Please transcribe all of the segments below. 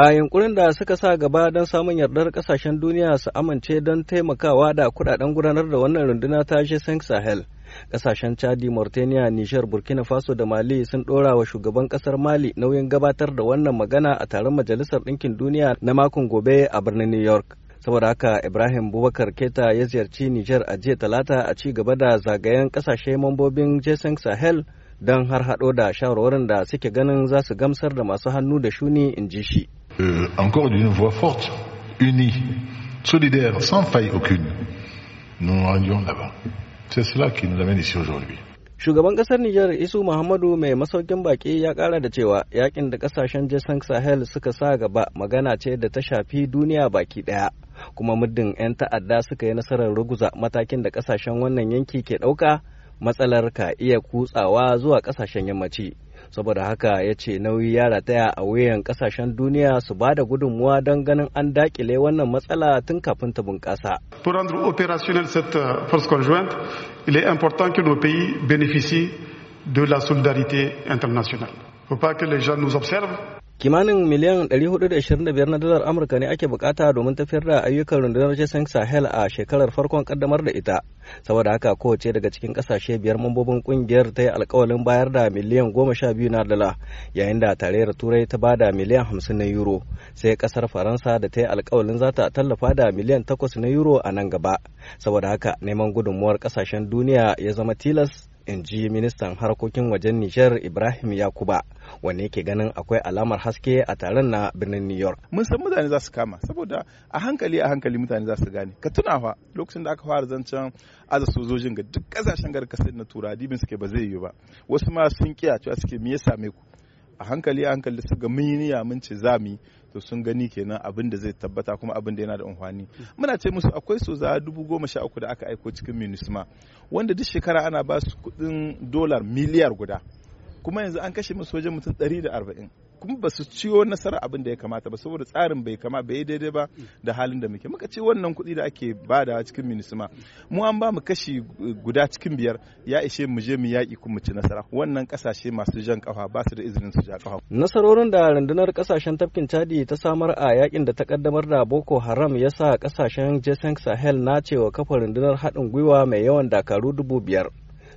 a yunkurin da suka sa gaba don samun yardar kasashen duniya su amince don taimakawa da kudaden gudanar da wannan runduna ta g sahel kasashen chadi mauritania nijar burkina faso da mali sun dora wa shugaban kasar mali nauyin gabatar da wannan magana a taron majalisar ɗinkin duniya na makon gobe a birnin new york saboda haka ibrahim bubakar keta ya ziyarci nijar a jiya talata a ci gaba da zagayen kasashe mambobin jason sahel don har haɗo da shawarwarin da suke ganin za su gamsar da masu hannu da shuni in ji shi euh, encore d'une voix forte, unie, solidaire, sans faille aucune, nous nous rendions là-bas. C'est cela qui nous amène ici aujourd'hui. Shugaban ƙasar Nijar Isu Muhammadu mai masaukin baki ya ƙara da cewa yakin da ƙasashen jason Sahel suka sa gaba magana ce da ta shafi duniya baki ɗaya Kuma muddin 'yan ta'adda suka yi nasarar ruguza matakin da ƙasashen wannan yanki ke ɗauka, matsalar ka iya kutsawa zuwa ƙasashen yammaci. saboda haka ya ce nauyi ya rataya a wuyan kasashen duniya su ba da gudunmuwa don ganin an dakile wannan matsala tun kafin ta bunƙasa. Pour rendre opérationnel cette euh, force conjointe, il est important que nos pays bénéficient de la solidarité internationale. Il ne faut pas que les gens nous observent kimanin miliyan 425 na dalar amurka ne ake bukata domin tafiyar da ayyukan rundunar jason sahel a shekarar farkon kaddamar da ita saboda haka kowace daga cikin kasashe biyar mambobin kungiyar ta yi alkawalin bayar da miliyan 12 na dala yayin da tarayyar turai ta ba da miliyan 50 na euro sai kasar faransa da ta yi alkawalin za ta tallafa da miliyan 8 na euro a nan gaba saboda haka neman gudunmuwar kasashen duniya ya zama tilas in ji ministan harkokin wajen Nijar Ibrahim Yakuba wanne ke ganin akwai alamar haske a taron na birnin New York. Mun san mutane za su kama saboda a hankali a hankali mutane za su gane. Ka tuna fa lokacin da aka fara zancen aza sojojin ga duk kasashen kasar na tura dibin suke ba zai yiwu ba. Wasu ma sun kiya cewa suke me ya same ku. a hankali a hankali su ga niyya mun ce za mu to sun gani kenan abin da zai tabbata kuma abin da yana da amfani muna ce musu akwai so za dubu goma sha uku da aka aiko cikin minisma wanda duk shekara ana ba su kuɗin dolar miliyar guda kuma yanzu an kashe musu wajen mutum 140 kuma ba su ciwo nasara abin da ya kamata ba saboda tsarin bai kama bai daidai ba da halin da muke muka ce wannan kuɗi da ake bada cikin minisma mu an ba mu kashi guda cikin biyar ya ishe mu je mu yaƙi kuma mu ci nasara wannan ƙasashe masu jan ƙafa ba su da izinin su ja ƙafa nasarorin da rundunar kasashen tafkin chadi ta samar a yaƙin da ta kaddamar da boko haram ya sa ƙasashen sahel na cewa kafa rundunar haɗin gwiwa mai yawan dakaru dubu biyar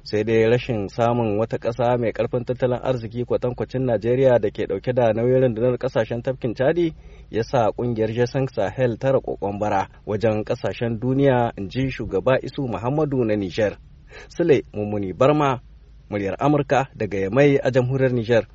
sai dai rashin samun wata ƙasa mai ƙarfin tattalin arziki kwatankwacin najeriya da ke ɗauke da nauyin rundunar ƙasashen tafkin chadi ya sa ƙungiyar jason sahel tara ƙoƙon bara wajen ƙasashen duniya in ji shugaba isu muhammadu na nijar sule mummuni barma muryar amurka daga yamai a jamhuriyar nijar